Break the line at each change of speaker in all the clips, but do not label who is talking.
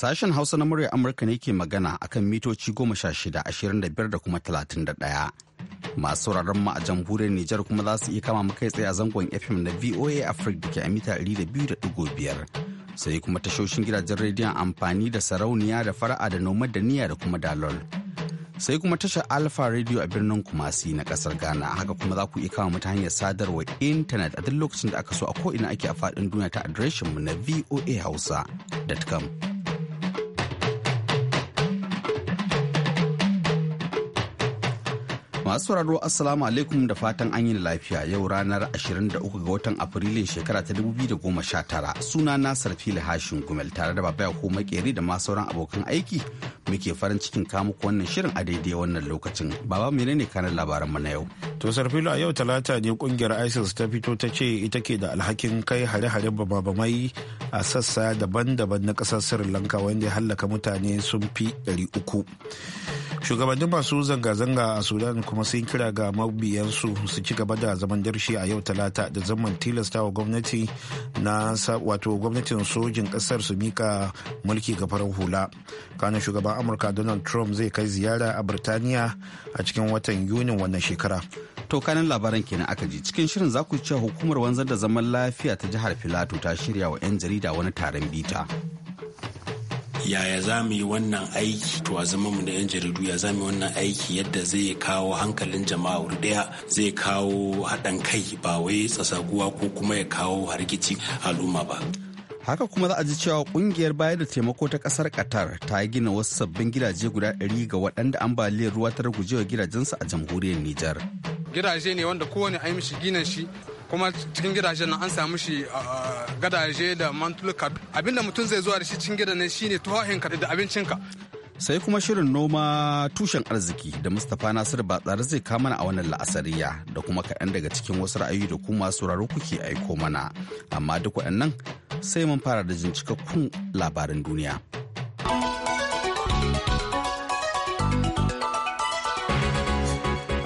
Sashen Hausa na murya Amurka ne ke magana akan mitoci goma sha shida ashirin da biyar da kuma talatin da ɗaya. Masu sauraron mu a jamhuriyar Nijar kuma za su iya kama mu kai tsaye a zangon FM na VOA Africa da ke a mita ɗari da biyu da ɗigo biyar. Sai kuma tashoshin gidajen rediyon amfani da sarauniya da fara'a da noma da niyya da kuma dalol. Sai kuma tashar Alpha Radio a birnin Kumasi na kasar Ghana haka kuma za ku iya kama mu ta hanyar sadarwa intanet a duk lokacin da aka so a ko'ina ake a faɗin duniya ta adireshin mu na voahausa.com. Masu sauraro Assalamu alaikum da fatan an yi lafiya yau ranar 23 ga watan Afrilun shekara ta 2019 suna na Sarfili Hashin Gumel tare da babaya ko Makeri da ma sauran abokan aiki muke farin cikin kamuku
wannan shirin a daidai wannan lokacin. Baba menene kanin labaran mu na yau? To Sarfilo a yau talata ne kungiyar ISIS ta fito ta ce ita ke da alhakin kai hare-hare babamai a sassa daban-daban na ƙasar Sri Lanka wanda ya hallaka mutane sun fi 300. shugabannin masu zanga-zanga a sudan kuma sun kira ga mabiyansu su ci gaba da zaman darshi a yau talata da zaman tilasta wa gwamnati na wato gwamnatin sojin kasar su mika mulki ga farar hula kanin shugaban amurka donald trump zai kai ziyara a birtaniya a cikin watan yunin wannan shekara to kanin labaran kenan
aka ji cikin shirin za ku cewa hukumar wanzar da zaman lafiya ta jihar filato ta shirya wa 'yan jarida wani taron bita
yaya za mu yi wannan aiki to a zama mu da yan jaridu ya za mu yi wannan aiki yadda zai kawo hankalin jama'a wuri daya zai kawo haɗan kai ba wai tsasaguwa ko kuma ya kawo hargici al'umma ba
haka kuma za a ji cewa kungiyar bayar da taimako ta kasar qatar ta gina wasu sabbin gidaje guda ɗari ga waɗanda ambaliyar ruwa ta gujewa gidajensu a jamhuriyar nijar
gidaje ne wanda kowane an mishi ginin shi kuma cikin gidajen na an samu shi gadaje da mantuluka abinda mutum zai zuwa da shi cikin gidan nan shine tuhahinka da abincinka
sai kuma shirin noma tushen arziki da mustapha nasiru batsari zai kamana a wannan la'asariya da kuma kaɗan daga cikin wasu ra'ayi da kuma sauraro kuke aiko mana amma duk waɗannan sai mun fara
da jin cikakkun labaran duniya.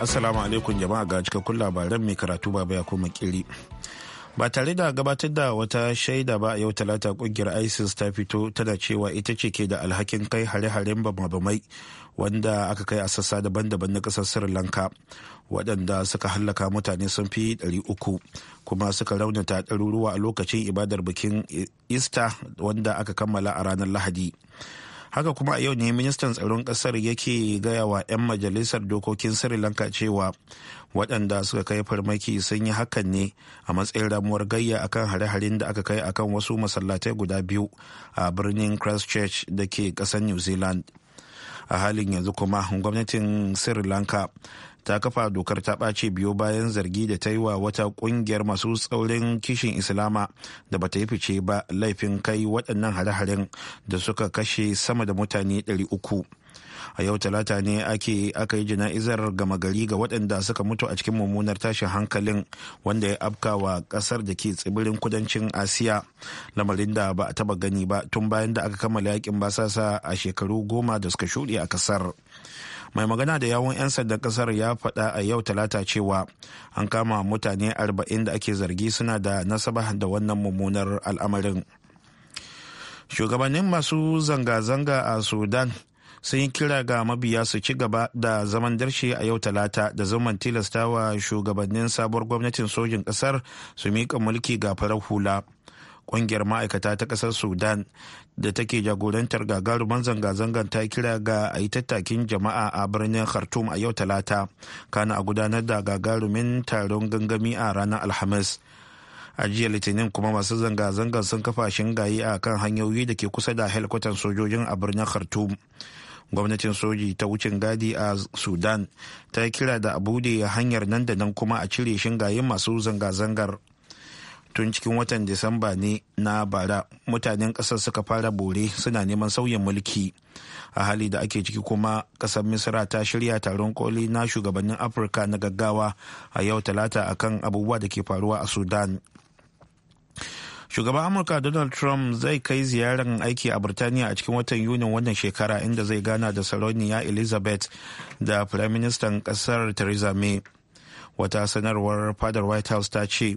Assalamu alaikum jama'a ga cikakkun labaran mai karatu baba ya kuma kiri. Ba tare da gabatar da wata shaida ba a yau talata kungiyar ISIS ta fito tana cewa ita ce ke da alhakin kai hare-haren bamabamai wanda aka kai a sassa daban-daban na ƙasar Sri Lanka waɗanda suka hallaka mutane sun fi 300 kuma suka raunata ɗaruruwa a lokacin ibadar bikin Easter wanda aka kammala a ranar Lahadi. haka kuma a yau ne ministan tsaron kasar yake gaya wa 'yan majalisar dokokin sri lanka cewa waɗanda suka kai farmaki sun yi hakan ne a matsayin ramuwar gayya akan hare-haren da aka kai akan wasu masallatai guda biyu a birnin christchurch da ke ƙasar new zealand a halin yanzu kuma gwamnatin sri lanka ta kafa dokar ta ɓace biyo bayan zargi da ta yi wa wata ƙungiyar masu tsaurin kishin islama da bata yi fice ba laifin kai waɗannan hare-haren da suka kashe sama da mutane 300 a yau talata ne ake aka yi jana'izar gama gari ga waɗanda suka mutu a cikin mummunar tashin hankalin wanda ya wa ƙasar da ke tsibirin kudancin asiya lamarin da ba a taba gani ba tun bayan da aka kammala yakin basasa a shekaru goma da suka shuɗe a ƙasar mai magana da yawon 'yan sandan kasar ya faɗa a yau talata cewa an kama mutane 40 da ake zargi suna da nasaba da wannan mummunar al'amarin shugabannin masu zanga-zanga a sudan sun yi kira ga mabiya su ci gaba da zaman darshe a yau talata da zaman tilastawa shugabannin sabuwar gwamnatin sojin kasar su miƙa mulki ga farar hula kungiyar ma'aikata ta kasar sudan da take jagorantar gagarumin zanga-zangar ta kira ga a yi tattakin jama'a a birnin khartoum a yau talata kana a gudanar da gagarumin taron gangami a ranar alhamis a jiya litinin kuma masu zanga-zangar sun kafa shingaye a kan hanyoyi da ke kusa da helikwatan sojojin a birnin khartoum gwamnatin soji ta wucin gadi a sudan ta kira da bude hanyar nan da nan kuma a cire shingayen masu zanga-zangar tun cikin watan disamba ne na bara mutanen kasar suka fara bore suna neman sauyin mulki a hali da ake ciki kuma kasar misira ta shirya taron koli na shugabannin afirka na gaggawa a yau talata akan abubuwa da ke faruwa a sudan shugaban amurka donald trump zai kai ziyarar aiki a birtaniya a cikin watan yunin wannan shekara inda zai gana da sarauniya elizabeth da firaministan kasar theresa may wata sanarwar fadar white house ta ce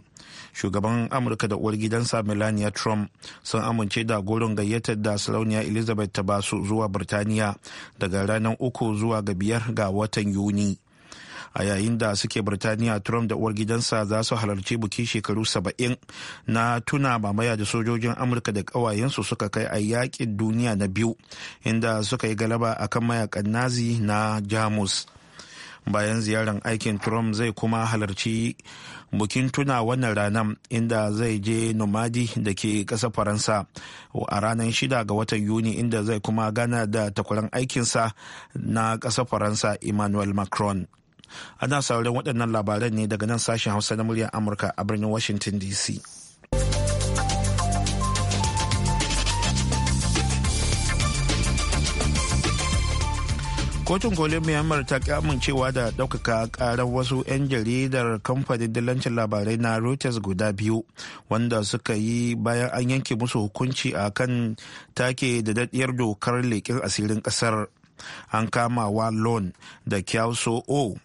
shugaban amurka da uwar gidansa melania trump sun amince da goron gayyatar da sarauniya elizabeth ta basu zuwa birtaniya daga ranar uku zuwa ga biyar ga watan yuni a yayin da suke birtaniya trump da uwar gidansa za su halarci buki shekaru saba'in na tuna mamaya da sojojin amurka da kawayensu suka kai a yakin duniya na biyu inda suka yi galaba akan mayakan nazi na jamus bayan ziyarar aikin trump zai kuma halarci bukin tuna wannan ranar inda zai je nomadi da ke kasa faransa a ranar shida ga watan yuni inda zai kuma gana da takwaran aikinsa na ƙasar faransa emmanuel macron ana sauran waɗannan labaran ne daga nan sashen hausa na muryar amurka a birnin washington dc kotun kolin myanmar ta amincewa da ɗaukaka karar wasu 'yan jaridar kamfanin dillancin labarai na reuters guda biyu wanda suka yi bayan an yanke musu hukunci a kan take da daɗiyar dokar leƙin asirin ƙasar an kama wa lon da kyauso o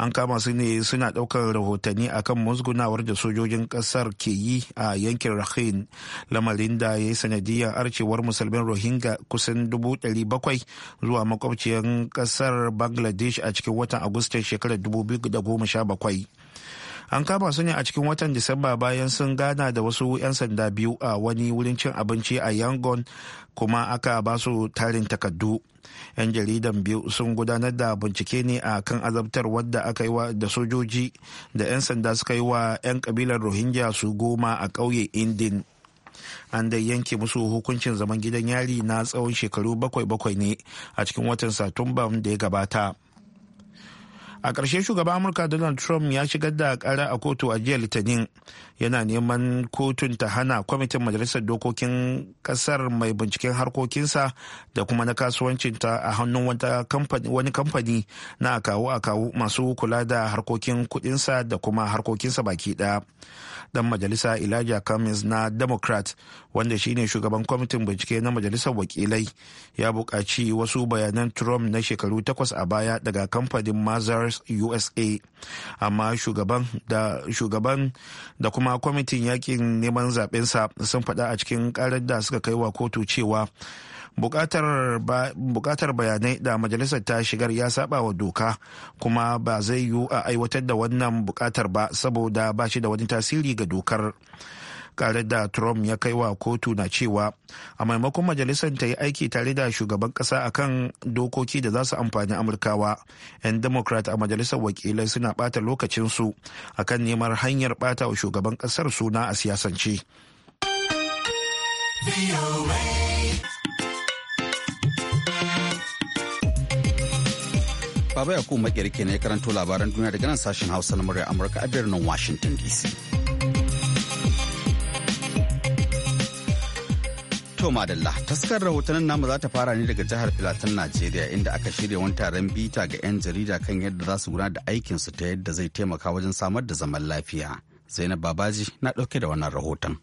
an kama su ne suna ɗaukar rahotanni akan musgunawar da sojojin ƙasar ke yi a yankin rahin lamarin da ya yi sanadiyar arcewar musulmin rohingya kusan 700,000 zuwa makwabciyar ƙasar bangladesh a cikin watan agustan shekarar 2017 an kama su ne a cikin watan disamba bayan sun gana da wasu 'yan sanda biyu a wani wurin cin abinci a yangon kuma aka ba su tarin takaddu 'yan jaridan biyu sun gudanar da bincike ne a kan azabtar wadda aka yi wa da sojoji da 'yan sanda suka yi wa 'yan kabilar rohingya su goma a ƙauye indin an dai yanke musu hukuncin zaman gidan yari na tsawon shekaru bakwai bakwai ne a cikin watan satumba da ya gabata a ƙarshe shugaban amurka donald trump ya shigar da ƙara a kotu a jiya litinin yana neman kotun ta hana kwamitin majalisar dokokin kasar mai binciken harkokinsa da kuma na kasuwancinta a hannun wani kamfani na akawu akawu masu kula da harkokin kudinsa da kuma harkokinsa baki ɗaya dan majalisa elijah cummings na democrat wanda shine shugaban kwamitin bincike na majalisar wakilai ya buƙaci wasu bayanan trump na shekaru takwas a baya daga kamfanin mazars usa amma shugaban da shugaban da kuma kwamitin yakin neman zaɓensa sun faɗa a cikin ƙarar da suka kai wa kotu cewa bukatar bayanai da majalisar ta shigar ya saba wa doka kuma ba zai yiwu a aiwatar da wannan bukatar ba saboda ba shi da wani tasiri ga dokar karar da trump ya kai wa kotu na cewa a maimakon majalisar ta yi aiki tare da shugaban kasa akan dokoki da za su amfani amurkawa 'yan democrat a majalisar wakilai suna bata lokacinsu akan neman hanyar bata wa shugaban kasar suna a siyasance
Baba Yakubu Makirke ne karanto labaran duniya daga nan sashen Hausa na murya Amurka a birnin Washington DC. To Madalla, taskar rahotannin namu za ta fara ne daga jihar Filatin Najeriya inda aka shirya wani taron bita ga 'yan jarida kan yadda za su gudanar da aikinsu ta yadda zai taimaka wajen samar da zaman lafiya. Zainab Babaji na dauke da wannan rahoton.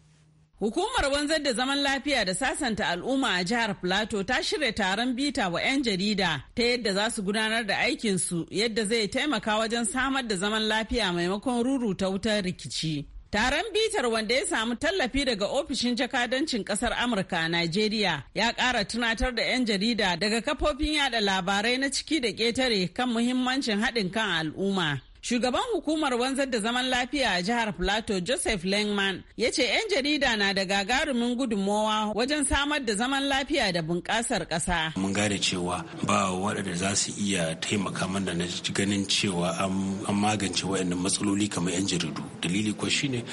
Hukumar wanzar da zaman lafiya da sasanta al'umma a jihar Plateau ta shirya taron bita wa 'yan jarida ta yadda za su gudanar da aikinsu yadda zai taimaka wajen samar da zaman lafiya maimakon ruruta wutar rikici. Taron bitar wanda ya samu tallafi daga ofishin jakadancin kasar Amurka a Najeriya ya ƙara tunatar da 'yan jarida daga kafofin yada labarai na ciki da ƙetare kan muhimmancin haɗin kan al'umma. Shugaban hukumar wanzar da zaman lafiya a jihar Plateau Joseph Langman ya ce 'yan jarida na da gagarumin gudunmowa wajen samar da zaman lafiya da bunƙasar ƙasa.
Mun gane cewa ba waɗanda za su iya taimaka mana na ganin cewa an magance waɗannan matsaloli kamar 'yan jaridu. Dalili kuwa shine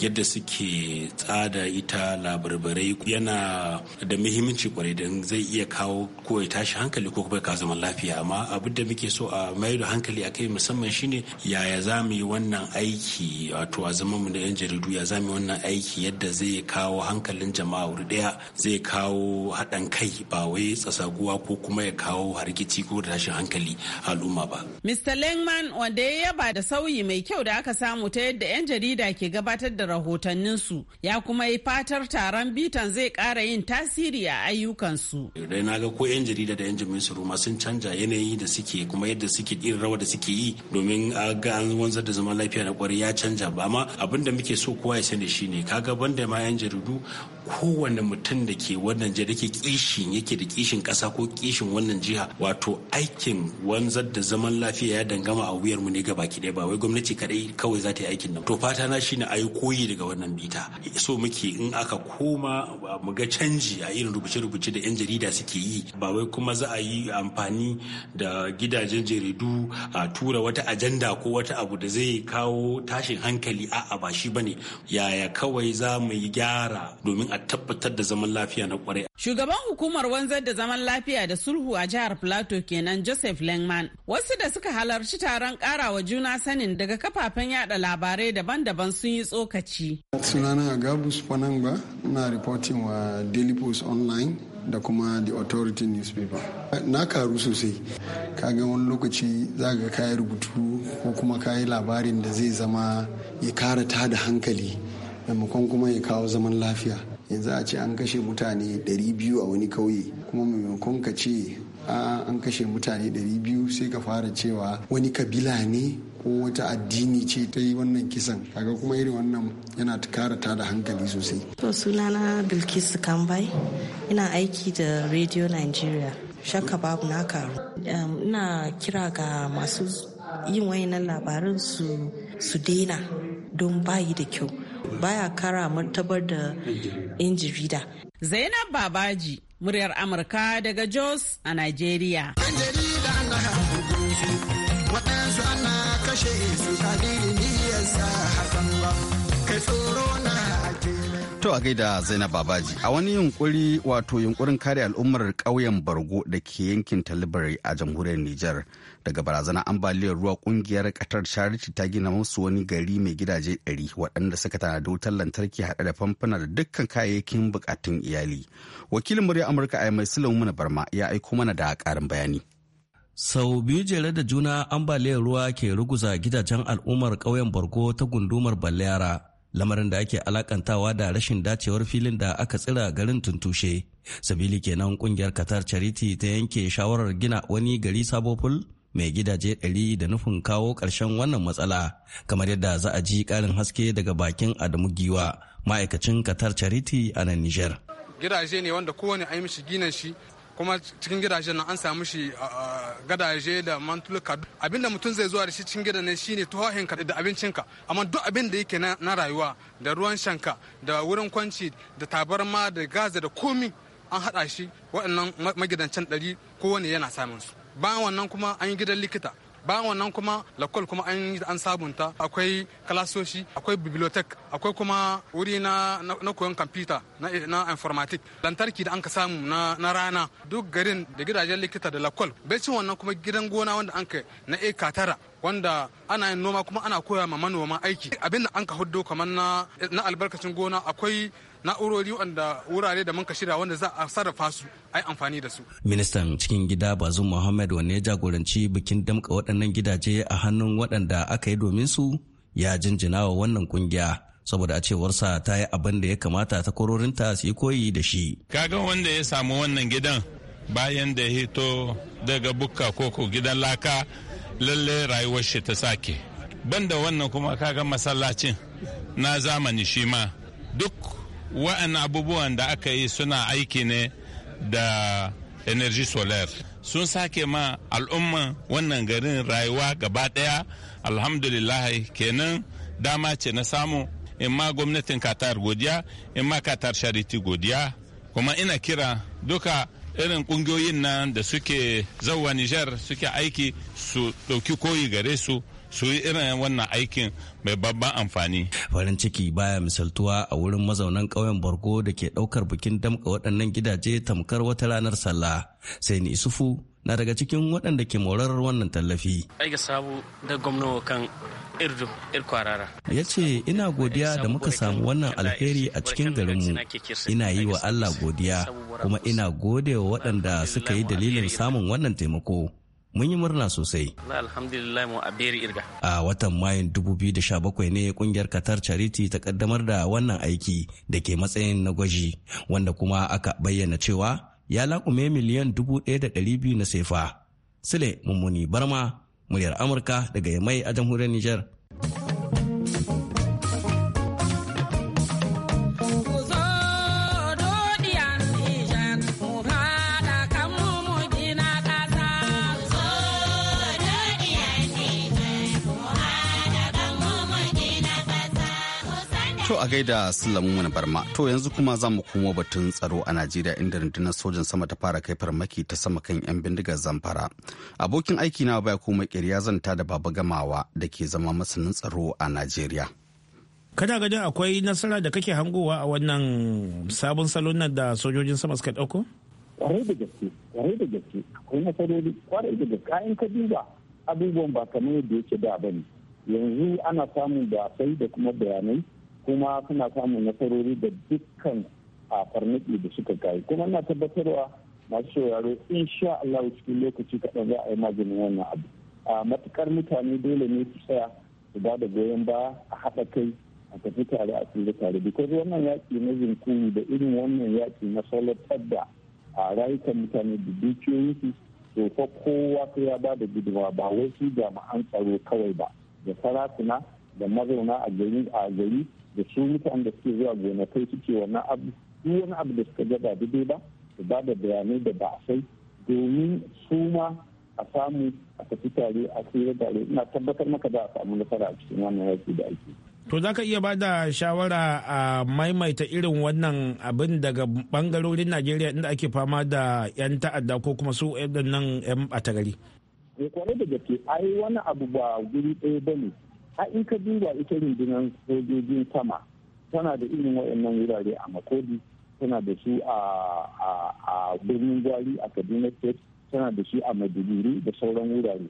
yadda suke tsada ita labarbarai yana da muhimmanci kwarai don zai iya kawo ko ya tashi hankali ko kuma ya kawo zaman lafiya amma abin da muke so a mayar da hankali akai musamman shine yaya za mu yi wannan aiki wato a zama mu da yan jaridu ya za mu yi wannan aiki yadda zai kawo hankalin jama'a wuri daya zai kawo haɗan kai ba wai tsasaguwa ko kuma ya kawo hargitsi ko tashin hankali al'umma ba.
Mr. Lengman wanda ya yaba da sauyi mai kyau da aka samu ta yadda 'yan jarida ke gabatar da rahotannin su ya kuma yi fatar taron bitan zai kara yin tasiri a ayyukansu.
Dai na ga ko 'yan jarida da 'yan jami'in su ma sun canja yanayi da suke kuma yadda suke irin rawa da suke yi domin ga an wanzar da zaman lafiya na kwarai ya canja ba amma abin da muke so kowa ya sani shine kaga banda ma yan jaridu kowane mutum da ke wannan jiha da ke kishin yake da kishin kasa ko kishin wannan jiha wato aikin wanzar da zaman lafiya ya dangama a wuyar mu ne ga baki ɗaya ba wai gwamnati kaɗai kawai za ta yi aikin nan to fata na shine ayi yi koyi daga wannan bita so muke in aka koma mu ga canji a irin rubuce-rubuce da 'yan jarida suke yi ba wai kuma za a yi amfani da gidajen jaridu a tura wata ajanda ko wata abu da zai kawo tashin hankali a'a ba shi bane yaya kawai za mu yi gyara domin a tabbatar da zaman lafiya na kwarai.
Shugaban hukumar wanzar da zaman lafiya da sulhu a jihar Plateau kenan Joseph Lengman. Wasu da suka halarci taron karawa juna sanin daga kafafen yada labarai daban-daban sun yi tsokaci.
Sunana Gabus Panangba na reporting wa Daily Post Online da kuma The Authority Newspaper. Na karu sosai, kaga wani lokaci za ka kayi rubutu ko kuma kayi labarin da zai zama ya kara da hankali maimakon kuma ya kawo zaman lafiya. yanzu a ce an kashe mutane 200 a wani kauye kuma maimakon ka ce an kashe mutane 200 sai ka fara cewa wani kabila ne ko wata addini ce ta yi wannan kisan kaga kuma irin wannan yana karata da hankali sosai
to sunana bilkisu kambai ina aiki da radio nigeria shakka babu na karu ina kira ga masu yin wayannan labarin su daina don bayi da kyau baya kara martabar da injibida Zainab Babaji, muryar Amurka daga Jos a Najeriya.
waɗansu ana To a gaida Zainab Babaji a wani yunkuri wato yunkurin kare al'ummar ƙauyen Bargo da ke yankin Talibari a jamhuriyar Nijar daga barazanar ambaliyar ruwa kungiyar katar charity ta gina musu wani gari mai gidaje 100 waɗanda suka da wutar lantarki haɗe da famfuna da dukkan kayayyakin bukatun iyali wakilin murya amurka a mai mana barma ya aiko mana da ƙarin bayani sau
biyu jere da juna ambaliyar ruwa ke ruguza gidajen al'ummar ƙauyen bargo ta gundumar balyara lamarin da ake alakantawa da rashin dacewar filin da aka tsira garin tuntushe sabili kenan kungiyar katar charity ta yanke shawarar gina wani gari sabo mai gidaje ɗari da nufin kawo ƙarshen wannan matsala kamar yadda za a ji ƙarin haske daga bakin adamu giwa ma'aikacin qatar charity a nan niger
gidaje ne wanda kowane an yi mishi ginin shi kuma cikin gidajen nan an samu shi gadaje da mantuluka abinda mutum zai zuwa da shi cikin gidan shi ne tuhohinka da abincinka amma duk abin da yake na rayuwa da ruwan shanka da wurin kwanci da tabarma da gaza da komi an haɗa shi waɗannan magidancin ɗari kowane yana samun su bayan wannan kuma an yi gidan likita bayan wannan kuma lakwal kuma an an sabunta akwai kalasoshi akwai bibliotek akwai kuma wuri na na koyon kamfuta na na informatik lantarki da anka samu na na rana duk garin da gidajen likita da lakwal bai cin wannan kuma gidan gona wanda an na eka tara wanda ana yin noma kuma ana koya ma manoma aiki abin da an ka huddo kamar na albarkacin gona akwai na'urori wanda wurare da muka shirya wanda za a sarrafa su a yi amfani da su.
Ministan cikin gida Bazum Muhammad wanne ya jagoranci bikin damka waɗannan gidaje a hannun waɗanda aka yi domin su ya jinjina wa wannan kungiya saboda a cewarsa ta yi abin da ya kamata ta kororinta su yi koyi da shi.
Kaga wanda ya samu wannan gidan bayan da ya hito daga bukka koko gidan laka lalle rayuwar shi ta sake banda wannan kuma kaga masallacin na zamani shi ma duk wa'an abubuwan da aka yi suna aiki ne da energy solar sun sake ma al'umma wannan garin rayuwa gaba daya alhamdulillah kenan dama ce na samu in ma gwamnatin katar godiya in ma katar shariti godiya kuma ina kira duka irin kungiyoyin nan da suke zauwa Nijar suke aiki su ɗauki koyi gare su su yi irin wannan aikin mai babban amfani. Farin
ciki baya misaltuwa a wurin mazaunan ƙauyen Borgo da ke ɗaukar bikin damƙa waɗannan gidaje tamkar wata ranar sallah. Sai ni Isufu na daga cikin waɗanda ke morar wannan tallafi.
Aika sabu da gwamna kan irdu irkwarara.
Ya ce ina godiya da muka samu wannan alheri a cikin garinmu. Ina yi wa Allah godiya kuma ina gode wa waɗanda suka yi dalilin samun wannan taimako. mun yi murna sosai. A watan Mayun 2017 ne kungiyar Qatar Charity ta kaddamar da wannan aiki da ke matsayin na gwaji wanda kuma aka bayyana cewa ya laƙume miliyan dubu ɗaya da ɗari biyu na sefa. Sule Mummuni Barma, muryar Amurka daga Yamai a jamhuriyar Nijar.
To a gaida Sulamu mana barma. To yanzu kuma za mu komo batun tsaro a Najeriya inda rundunar sojan sama ta fara kai farmaki ta sama kan 'yan bindigar zamfara. Abokin aiki na baya kuma ya zanta da baba gamawa da ke zama masanin tsaro a Najeriya.
Kana ganin akwai nasara da kake hangowa a wannan sabon salon nan da sojojin sama suka ɗauko?
Kwarai da gaske, kwarai da gaske, akwai nasarori, kwarai da gaske, kayan ka duba abubuwan ba kamar yadda yake da bane. Yanzu ana samun da sai da kuma bayanai kuma suna samun nasarori da dukkan a farnaki da suka kai kuma na tabbatarwa masu sauraro sha Allah cikin lokaci kaɗan za a yi maganin wannan abu a matukar mutane dole ne su tsaya su ba da goyon ba a haɗa kai a tafi tare a tsira tare because wannan yaƙi na zinkuru da irin wannan yaƙi na salatar da a rayukan mutane da dukiyoyinsu to fa kowa ta ya ba da gudunmawa ba wai su jami'an tsaro kawai ba da sarakuna da mazauna a a gari da su mutanen da suke zuwa gonakai suke wani abu duk wani abu da suka gaba daidai ba su ba da bayanai da ba sai domin su ma a samu a tafi tare a tsira tare ina tabbatar maka za a samu nasara a cikin wannan yaki da ake.
To za ka iya ba da shawara a maimaita irin wannan abin daga bangarorin Najeriya inda ake fama da 'yan ta'adda ko kuma su nan 'yan ɓata gari.
Eh, kwarai da gaske ai wani abu ba guri ɗaya ba ne a in ka duba ita rundunar sojojin sama tana da irin wayannan wurare a makodi tana da su a birnin gwari a kaduna state tana da shi a maiduguri da sauran wurare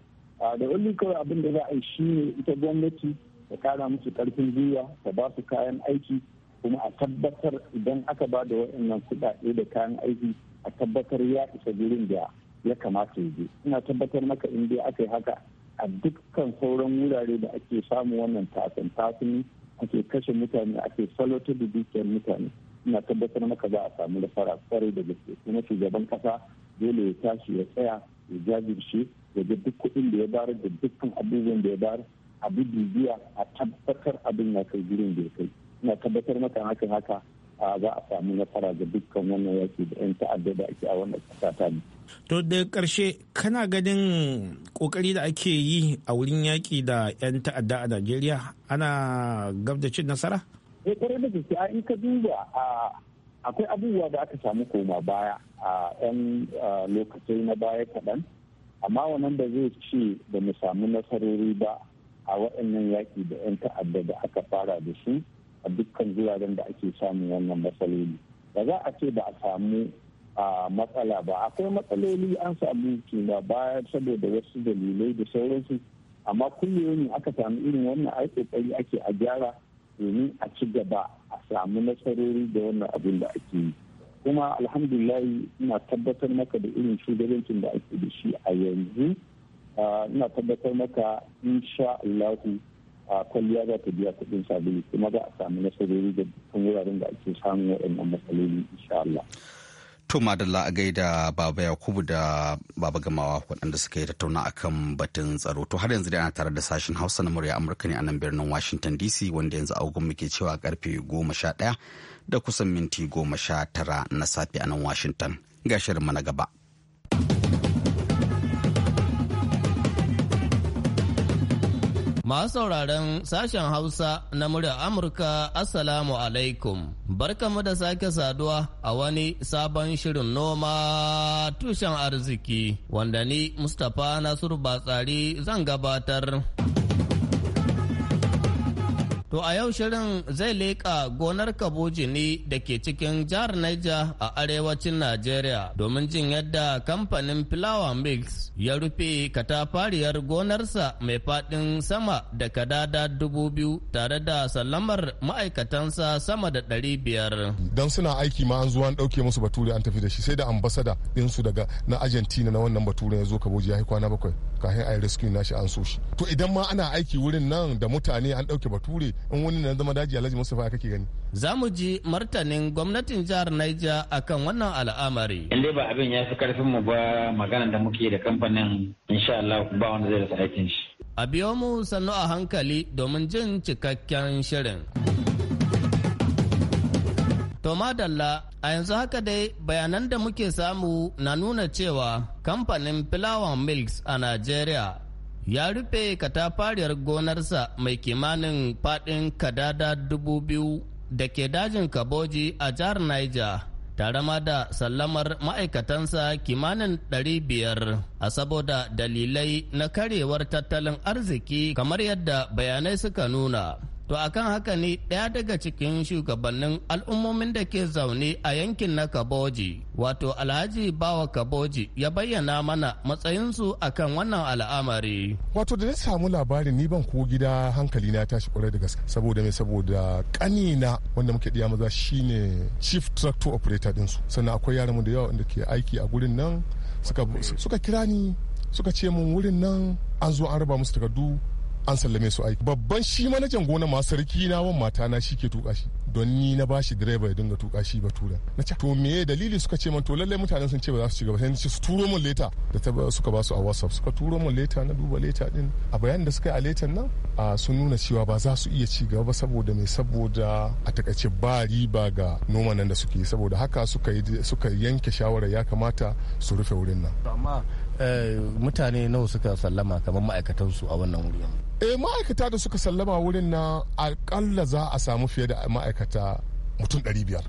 da wani kawai abin da za a yi shi ne ita gwamnati ta kara musu karfin gwiwa ta ba su kayan aiki kuma a tabbatar idan aka ba da waɗannan kuɗaɗe da kayan aiki a tabbatar ya isa gurin da ya kamata ya je ina tabbatar maka in dai aka yi haka a dukkan sauran wurare da ake samun wannan tasin tasini ake kashe mutane ake salotar da dukiyar mutane ina tabbatar maka za a samu nasara kwarai da gaske kuma shugaban kasa dole ya tashi ya tsaya ya jajirce ya ga duk kuɗin da ya bayar da dukkan abubuwan da ya bayar a bi bibiya a tabbatar abin ya kai gurin da ya kai ina tabbatar maka hakan haka za a samu nasara ga dukkan wannan yaki da 'yan ta'adda da ake a wannan ƙasa ta
To da ƙarshe kana ganin ƙoƙari da ake yi a wurin yaƙi da 'yan ta'adda a Najeriya ana gab da cin nasara?
Eh da gaske a in ka duba akwai abubuwa da aka samu koma baya a 'yan lokacin na baya kaɗan amma wannan da zai ce da mu samu nasarori ba a waɗannan yaƙi da 'yan ta'adda da aka fara da su a dukkan wuraren da ake samun wannan matsaloli ba za a ce ba a samu a matsala ba akwai matsaloli an samu kima baya saboda wasu dalilai da sauransu amma kullum aka samu irin wannan ai kokari ake a gyara domin a ci gaba a samu nasarori da wannan abin da ake yi kuma alhamdulillahi ina tabbatar maka da irin shugabancin da ake da shi a yanzu ina tabbatar maka insha Allahu a kwalliya za ta biya kuɗin sabulu kuma za a sami nasarori da dukkan wuraren da ake samun waɗannan matsaloli insha Allah.
To Madalla a gaida Baba Yakubu da Baba Gamawa waɗanda suka yi tattauna akan batun tsaro. To har yanzu dai ana tare da sashen Hausa na murya Amurka ne a nan birnin Washington DC wanda yanzu agogon muke cewa karfe goma sha ɗaya da kusan minti goma sha tara na safe a nan Washington. Ga shirin mana gaba.
Masu sauraron sashen Hausa na muryar Amurka Assalamu alaikum. Barkamu da sake saduwa a wani sabon shirin noma tushen arziki wanda ni Mustapha Nasiru Batsari zan gabatar. To a yau shirin zai leƙa gonar kabuji ne da ke cikin jihar Niger a arewacin Najeriya domin jin yadda kamfanin Flower Mix ya rufe katafariyar gonarsa mai faɗin sama da kadada dubu biyu tare da sallamar ma'aikatansa sama da ɗari biyar.
Don suna aiki ma an zuwa an ɗauke musu bature an tafi da shi sai da ambasada ɗinsu daga na Argentina na wannan bature ya zo kaboji ya yi kwana bakwai. kafin a yi rescue shi an so shi to idan ma ana aiki wurin nan da mutane an ɗauke bature in wani na zama daji alhaji mustapha kake gani
za mu ji martanin gwamnatin jihar Niger akan wannan
al'amari. In dai ba abin ya fi karfin mu ba magana da muke da kamfanin insha Allah ba wanda zai rasa aikin shi.
A biyo mu sannu a hankali domin jin cikakken shirin. To madalla a yanzu haka dai bayanan da muke samu na nuna cewa kamfanin Flower Milks a Najeriya ya rufe katafariyar gonarsa mai kimanin faɗin kadada dubu biyu da ke dajin Kaboji a jihar Niger. tare ma da sallamar ma'aikatansa kimanin 500 a saboda dalilai na karewar tattalin arziki kamar yadda bayanai suka nuna. To a kan haka ne ɗaya daga cikin shugabannin al'ummomin da ke zaune a yankin na Kaboji, wato Alhaji Bawa Kaboji ya bayyana mana matsayinsu a kan wannan al'amari.
Wato da na samu labarin ni ban ko gida hankali na tashi kwarai da gaske saboda mai saboda kanina wanda muke diya maza shine chief tractor operator su sannan akwai yaran da yawa inda ke aiki a gurin nan eh. suka kira ni suka ce mun wurin nan an zo an raba musu takardu an sallame su aiki babban shi manajan gona ma sarki na wan mata na shi ke tuka shi don ni na bashi direba ya dinga tuka shi batura na ce to me dalili suka ce man to lallai mutanen sun ce ba za su ci gaba sai su turo mun leta da ta suka ba su a whatsapp suka turo mun leta na duba leta din a bayanin da suka yi a letan nan a sun nuna cewa ba za su iya ci gaba saboda mai saboda a takaice ba riba ga noma nan da suke saboda haka suka suka yanke shawara ya kamata su rufe wurin nan amma eh, mutane nawa suka sallama kamar su a wannan wurin e ma'aikata da suka sallama wurin na akalla za a samu fiye da ma'aikata mutum 500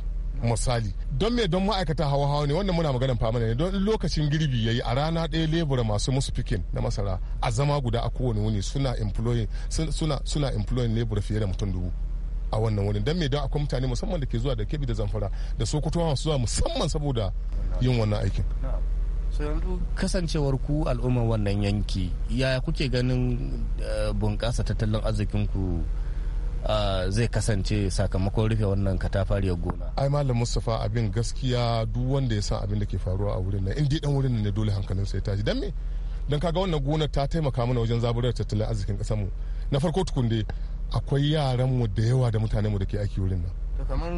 misali don me don ma'aikata hawa hawa ne wannan muna maganan fama ne don lokacin girbi yayi a rana ɗaya lebura masu musu fikin na masara a zama guda a kowane wuni suna employing suna suna employing lebura fiye da mutum dubu a wannan wurin don me don akwai mutane musamman da ke zuwa da kebi da zamfara da sokoto masu zuwa musamman saboda yin wannan aikin so kasancewar ku al'ummar wannan yanki
ya kuke ganin eh, bunƙasa tattalin arzikinku eh, zai
kasance sakamakon rufe wannan katafariyar gona ai malam mustapha abin gaskiya duk wanda ya san abin da ke faruwa a wurin nan in dan wurin ne dole hankalin sai tashi dan me dan kaga wannan gonar ta taimaka mana wajen zaburar tattalin arzikin kasar mu na farko tukunde akwai yaran mu da yawa da mutanen mu da ke aiki wurin nan kamar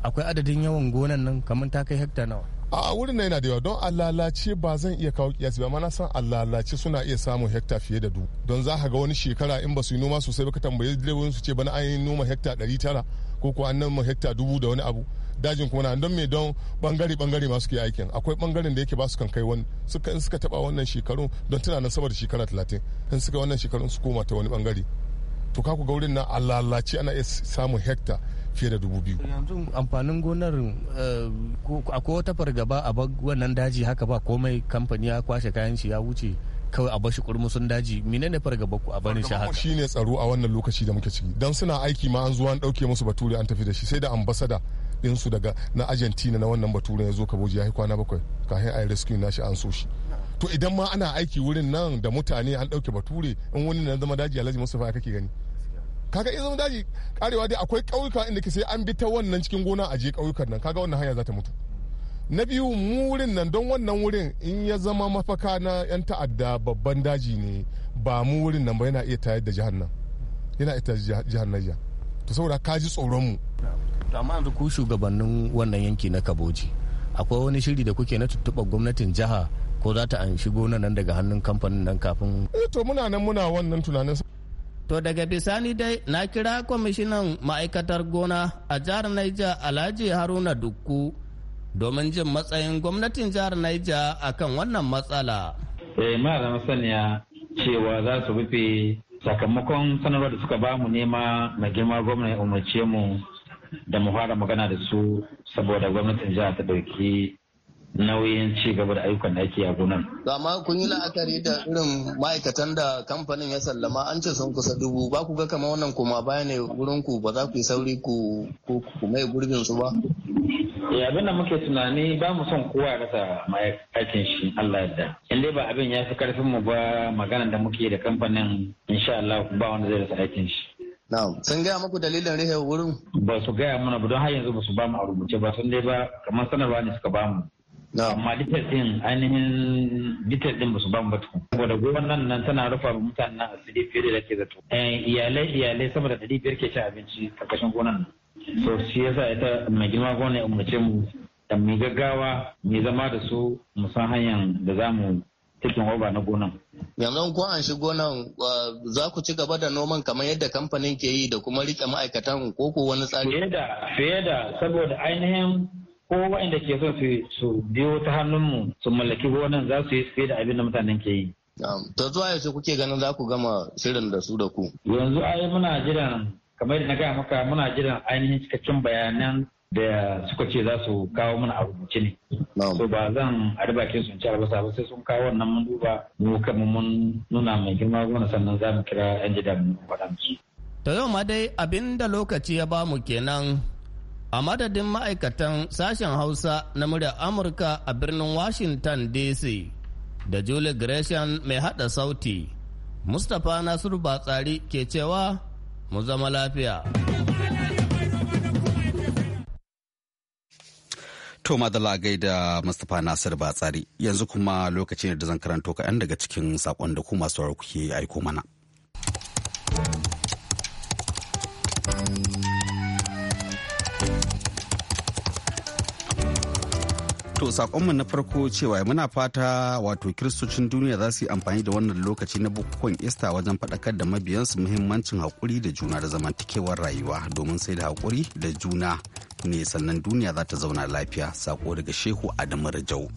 akwai adadin yawan gonan nan kaman ta kai hekta nawa a wurin na yana da yawa don alalace ba zan iya kawo kiyasi ba mana san alalace suna iya samun hekta fiye da du don za ka ga wani shekara in ba su yi noma sosai ba ka tambaye direbobin su ce bana an yi noma hekta ɗari tara ko ko an noma hekta dubu da wani abu dajin kuma na don me don bangare bangare masu ke aikin akwai bangaren da yake ba su kan kai wani suka in suka taba wannan shekaru don tana nan saboda shekara talatin in suka wannan shekarun su koma ta wani bangare to ka ku ga wurin na alalace ana iya samun hekta fiye da dubu biyu yanzu amfanin gonar eh,
akwai wata fargaba a wannan daji haka ba komai kamfani ya kwashe kayan shi ya wuce kawai a bashi kurmusun daji menene fargaba ku a barin shi haka
ne tsaro a wannan lokaci da muke ciki dan suna aiki ma an zuwa an dauke musu bature an tafi da shi sai da ambasada su daga na argentina na wannan bature ya zo kaboji ya yi kwana bakwai kafin a yi rescue nashi an so shi to idan ma ana aiki wurin nan da mutane an dauke bature in wani na zama daji alhaji mustapha kake gani kaga in zama daji karewa dai akwai ƙauyuka inda ke sai an bi ta wannan cikin gona a je ƙauyukan nan kaga wannan hanya za ta mutu na biyu mu wurin nan don wannan wurin in ya zama mafaka na yan ta'adda babban daji ne ba mu wurin nan ba yana iya tayar da jihar nan yana iya tayar da jihar Niger to saboda ka ji tsoron mu to amma yanzu ku shugabannin wannan yanki na Kaboji
akwai wani shiri da kuke na tuttuɓa gwamnatin jiha ko za ta an shigo nan daga hannun kamfanin nan kafin eh to muna nan muna wannan tunanin To daga bisani dai na kira kwamishinan ma'aikatar gona a jihar Naija Alhaji Haruna Dukku domin jin matsayin gwamnatin jihar Naija akan wannan matsala.
Eh masaniya cewa za su rufe sakamakon sanarwar da suka ba mu nema mai girma gwamna ya umarce mu da mu fara magana da su saboda gwamnatin jihar ta dauki nauyin ci gaba da ayyukan da ake a gonar.
amma kun yi la'akari da irin ma'aikatan da kamfanin ya sallama an ce sun kusa dubu ba ku ga kamar wannan kuma baya ne wurin ku ba za ku yi sauri ku mai gurbin su ba.
Ya eh, abin da muke tunani ba mu son kowa ya rasa ma'aikacin shi Allah yadda. In dai ba abin ya fi karfin mu ba magana da muke da kamfanin insha Allah ba wanda zai rasa aikin shi. Na'am. Sun gaya muku dalilin rihe wurin? Ba su gaya mana ba don har yanzu ba su ba mu a rubuce ba sun dai ba kamar sanarwa ne suka ba mu. amma ditar din ainihin ditar din ba su ba mu ba tukun saboda gwamnan nan tana rufa wa mutanen nan asiri fiye da ke zato eh, iyalai iyalai sama da ɗari biyar ke cin abinci ƙarshen gonan nan so shi yasa ita mai girma gona ya umarce mu da mu gaggawa mu zama da su mu san hanyar da za mu cikin roba na gonan.
Yanzu ko an shi gonan za ku ci gaba da noman kamar yadda kamfanin ke yi da kuma rike
ma'aikatan ko ko wani tsari. Fiye da fiye da saboda ainihin ko waɗanda ke son su biyo ta hannunmu su mallaki gonan za su yi su da abin da mutanen ke yi. Ta zuwa yaushe kuke ganin za ku gama shirin da su da ku? Yanzu ai muna jiran kamar yadda na gaya maka muna jiran ainihin cikakken bayanan da suka ce za su kawo mana a rubuce ne. So ba zan arbakin sun ci albasa ba sai sun kawo wannan mun duba mu kama mun nuna mai girma gona sannan za mu kira 'yan jidan mu faɗa yau ma dai abin
da
lokaci ya bamu kenan A madadin ma'aikatan sashen Hausa na muryar Amurka a birnin Washington DC da Julie Gresham mai hada sauti, Mustapha Nasiru Batsari ke cewa mu zama lafiya.
To madalla gaida Mustapha Nasir Batsari yanzu kuma lokaci ne da zan karanto kaɗan daga cikin saƙon da ku masu kuke aiko mana. To sakonmu na farko cewa muna fata wato kiristocin duniya za su yi amfani da wannan lokaci na bukukuwan Ista wajen faɗakar da mabiyansu muhimmancin haƙuri da juna da zamantakewar rayuwa domin sai da haƙuri da juna ne sannan duniya za ta zauna lafiya sako daga Shehu Adamu Rajau.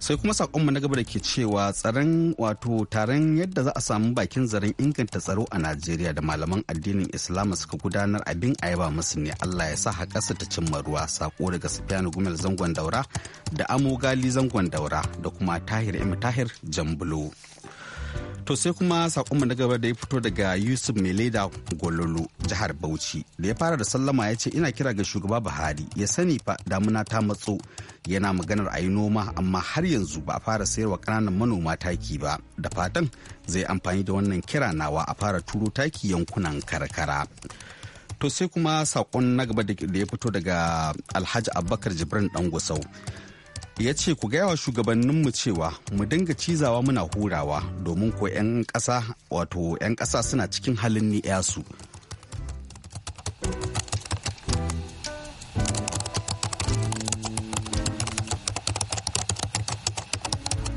sai kuma sakon mu na gaba da ke cewa tsaron wato taron yadda za a samu bakin zaren inganta tsaro a najeriya da malaman addinin islam suka gudanar abin a yaba musu ne allah ya sa su ta cimma ruwa sako daga sufiyanu gumel zangon daura da amogali zangon daura da kuma tahir im tahir jambulo. To sai kuma sakonmu na gaba da ya fito daga Yusuf mai Meleda Gololo jihar Bauchi da ya fara da sallama ya ce ina kira ga shugaba Buhari ya sani fa damuna ta matso yana maganar a yi noma amma har yanzu ba a fara sayarwa kananan manoma taki ba da fatan zai amfani da wannan kira nawa a fara turo taki yankunan karkara. To sai kuma sakon na gaba da ya fito daga Alhaji Abubakar Jibrin gusau. ya ce ku gaya wa shugabanninmu cewa mu dinga cizawa muna hurawa domin ko 'yan ƙasa wato 'yan ƙasa suna cikin halin ni'yasu.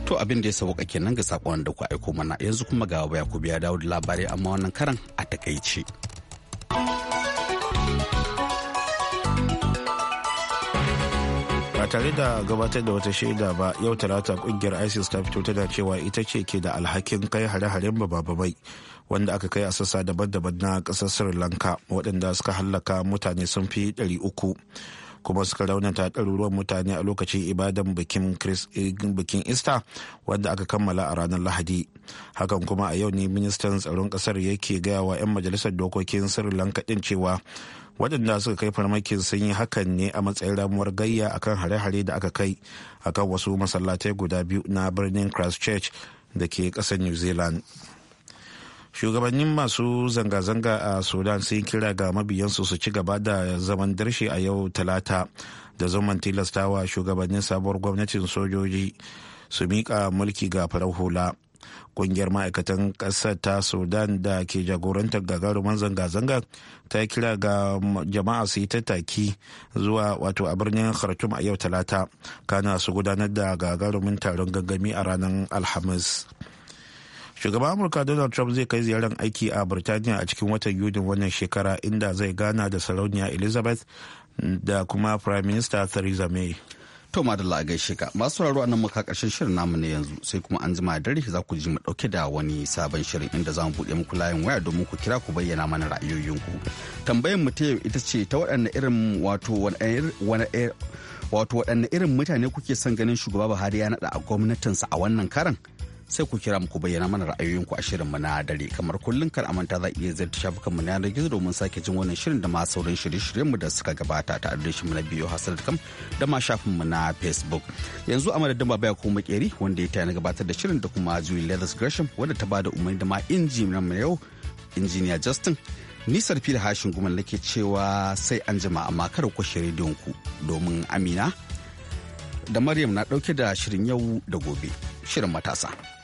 To abin da ya sauka kenan ga sakon da ku aiko mana yanzu kuma ga ya ku biya dawo da labarai amma wannan karan a takaice.
tare da gabatar da wata shaida ba yau talata kungiyar isis ta fito tana cewa ita ce ke da alhakin kai hare-haren bababai wanda aka kai a sassa daban-daban na ƙasar sri lanka waɗanda suka hallaka mutane sun fi 300 kuma suka raunata ɗaruruwan mutane a lokacin ibadan bikin ista wanda aka kammala a ranar lahadi hakan kuma a yau ne ministan tsaron ƙasar yake gaya wa 'yan majalisar dokokin sri lanka ɗin cewa waɗanda suka kai farmakin sun yi hakan ne a matsayin ramuwar gayya akan hare-hare da aka kai a kan wasu masallatai guda biyu na birnin christchurch da ke ƙasar new zealand shugabannin masu zanga-zanga a sudan sun kira ga mabiyansu su ci gaba da zaman darshe a yau talata da zaman tilastawa shugabannin sabuwar gwamnatin sojoji su miƙa mulki ga farar hula kungiyar ma'aikatan ƙasar ta sudan da ke jagorantar gagarumin zanga-zanga ta kira ga jama'a su yi tattaki zuwa wato a birnin khartum a yau talata kana su gudanar da gagarumin taron gangami a ranar alhamis shugaban amurka donald trump zai kai ziyarar aiki a birtaniya a cikin watan yudin wannan shekara inda zai gana da sarauniya elizabeth da kuma prime minister theresa may To
madalla a gaishe ka masu sauraro a nan muka karshen shirin namu ne yanzu sai kuma an jima dare za ku ji mu dauke da wani sabon shirin inda zamu mu buɗe muku layin waya domin ku kira ku bayyana mana ra'ayoyinku. Tambayar mu ta yau ita ce ta waɗanne irin wato wato waɗanne irin mutane kuke son ganin shugaba Buhari ya naɗa a gwamnatinsa a wannan karan sai ku kira muku bayyana mana ra'ayoyinku a shirinmu na dare kamar kullum kar manta za iya ziyarta mu na yanar gizo domin sake jin wannan shirin da ma sauran shirye mu da suka gabata ta mu na biyu hasar.com da ma mu na facebook yanzu a madadin baba ya kuma makeri wanda ya taya na gabatar da shirin da kuma julie leathers gresham wanda ta bada umarni da ma na mu yau injiniya justin nisar fili hashin guman nake cewa sai an jima amma kar ku shirye ku domin amina da maryam na dauke da shirin yau da gobe shirin matasa